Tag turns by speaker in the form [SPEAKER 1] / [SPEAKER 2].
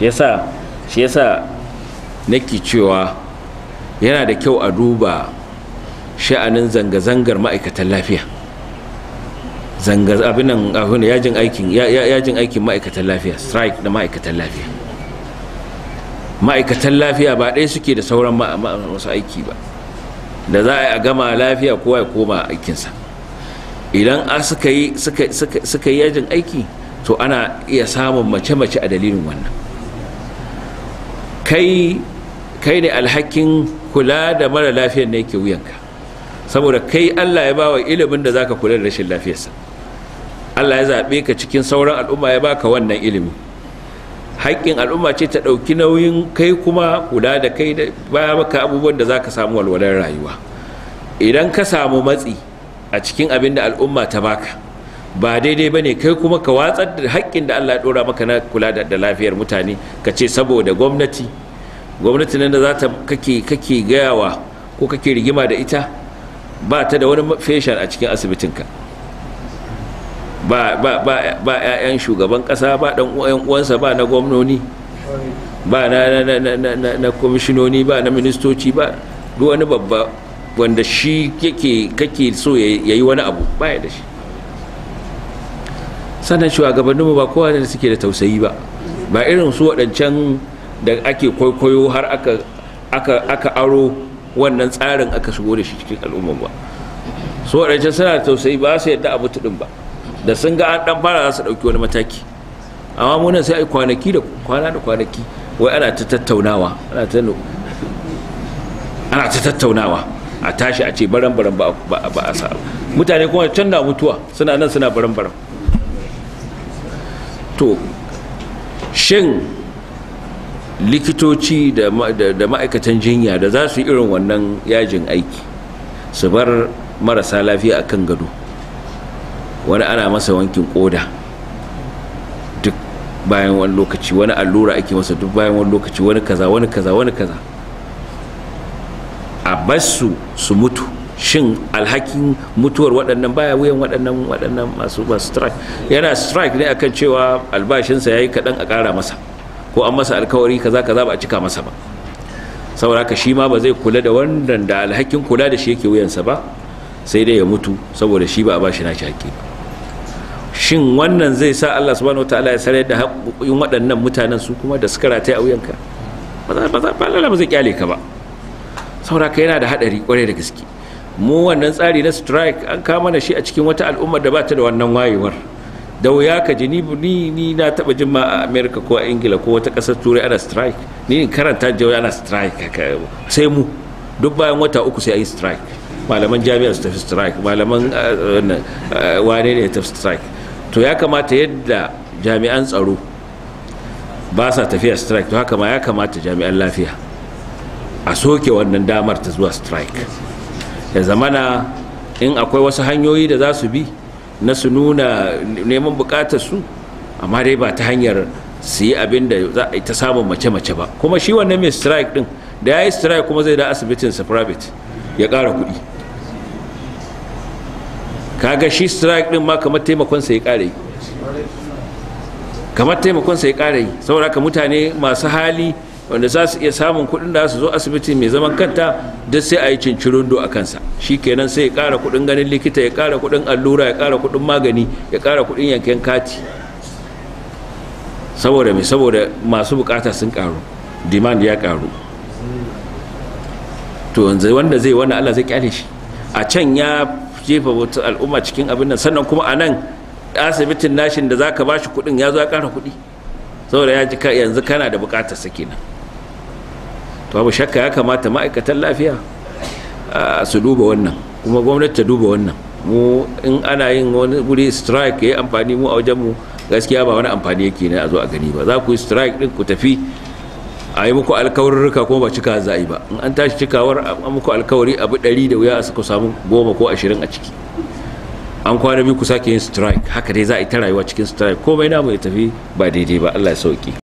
[SPEAKER 1] shi yasa shi yasa nake cewa yana da kyau a duba sha'anin zanga-zangar ma'aikatan lafiya zangar abinan abin yajin aikin yajin aikin ma'aikatan lafiya strike da ma'aikatan lafiya ma'aikatan lafiya ba ɗaya suke da sauran masu aiki ba da za a yi a gama lafiya kowa ya koma aikinsa idan a suka yi yajin aiki to ana iya samun mace-mace a dalilin wannan kai kai ne alhakin kula da mara lafiyar ne yake wuyanka saboda kai Allah ya bawa ilimin da zaka kula da rashin lafiyarsa Allah ya zabe ka cikin sauran al'umma ya baka wannan ilimi haƙƙin al'umma ce ta ɗauki nauyin kai kuma kula da kai da baya maka abubuwan da zaka samu walwalar rayuwa idan ka samu matsi a cikin abin da al'umma ta baka ba daidai ba ne kai kuma ka watsar da haƙƙin da Allah ya ɗora maka na kula da lafiyar mutane ka ce saboda gwamnati gwamnati nan da za ta kake kake gayawa ko kake rigima da ita ba ta da wani fashion a cikin asibitinka ba ba ba shugaban kasa ba ɗan uwansa ba na gwamnoni ba na na kwamishinoni ba na ministoci ba duk wani babba wanda shi kake so yayi wani abu baya da shi sannan shugabanninmu ba kowa ne suke da tausayi ba ba irin su waɗancan da ake kwaikwayo har aka aka aka aro wannan tsarin aka shigo da shi cikin al'umma ba su waɗancan suna da tausayi ba su yadda abu tudin ba da sun ga an dan fara za su ɗauki wani mataki amma munan sai ai kwanaki da kwana da kwanaki wai ana ta tattaunawa ana ta ana ta tattaunawa a tashi a ce baran baran ba a sa mutane kuma can na mutuwa suna nan suna baran baran to shin likitoci da ma'aikatan jinya da za su yi irin wannan yajin aiki su bar marasa lafiya a kan gado wani ana masa wankin koda duk bayan wani lokaci wani allura ake masa duk bayan wani lokaci wani kaza wani kaza wani kaza a basu su mutu shin alhakin mutuwar waɗannan baya wuyan waɗannan waɗannan masu ba strike yana strike ne akan cewa albashinsa yi kaɗan a ƙara masa ko an masa alkawari kaza kaza ba a cika masa ba saboda ka shi ma ba zai kula da wannan da alhakin kula da shi yake wuyansa ba sai dai ya mutu saboda shi ba a bashi na haƙƙi shin wannan zai sa Allah subhanahu wataala ya sarar da haƙoƙin waɗannan mutanen su kuma da suka rataye a wuyanka ba za ba zai kyale ka ba saboda ka yana da haɗari kwarai da gaske mu wannan tsari na strike an kama na shi a cikin wata al'umma da ba ta da wannan wayewar da wuya ka ji ni na taba jin ma a america ko a ingila ko wata kasar turai ana strike ni in karanta jawo ana strike sai mu duk bayan wata uku sai a yi strike malaman jami'a su tafi strike malaman eh, eh, wane ne tafi strike to ya kamata yadda jami'an tsaro ba sa tafiya strike to haka ma ya kamata jami'an lafiya a soke wannan damar ta zuwa strike ya zamana in akwai wasu hanyoyi da za su bi na su nuna neman bukatar su amma dai ba ta hanyar su yi abin da za a ta samun mace-mace ba kuma shi wannan mai strike din da ya yi strike kuma zai da asibitin sa private ya ƙara kuɗi kaga shi strike din ma kamar taimakon sa ya ƙara yi kamar taimakon sa ya ƙara yi saboda haka mutane masu hali wanda za su iya samun kuɗin da su zo asibiti mai zaman kanta duk sai a yi cincirundo a kansa shi kenan sai ya ƙara kuɗin ganin likita ya ƙara kuɗin allura ya ƙara kuɗin magani ya ƙara kuɗin yankin kati saboda mai saboda masu bukata sun ƙaru demand ya ƙaru to wanda zai wanda allah zai kyale shi a can ya jefa wata al'umma cikin abin nan sannan kuma a nan asibitin nashin da za ka ba shi kuɗin ya zo ya ƙara kuɗi saboda ya ji yanzu kana da bukatar sakinan to abu shakka ya kamata ma'aikatan lafiya su duba wannan kuma gwamnati ta duba wannan mu in ana yin wani guri strike ya amfani mu a wajen mu gaskiya ba wani amfani yake ne a zo a gani ba za ku yi strike din ku tafi a yi muku alkawarurruka kuma ba cika za a yi ba in an tashi cikawar a muku alkawari abu ɗari da wuya a ku samu goma ko ashirin a ciki an kwana biyu ku sake yin strike haka dai za a yi ta rayuwa cikin strike komai namu ya tafi ba daidai ba allah ya sauki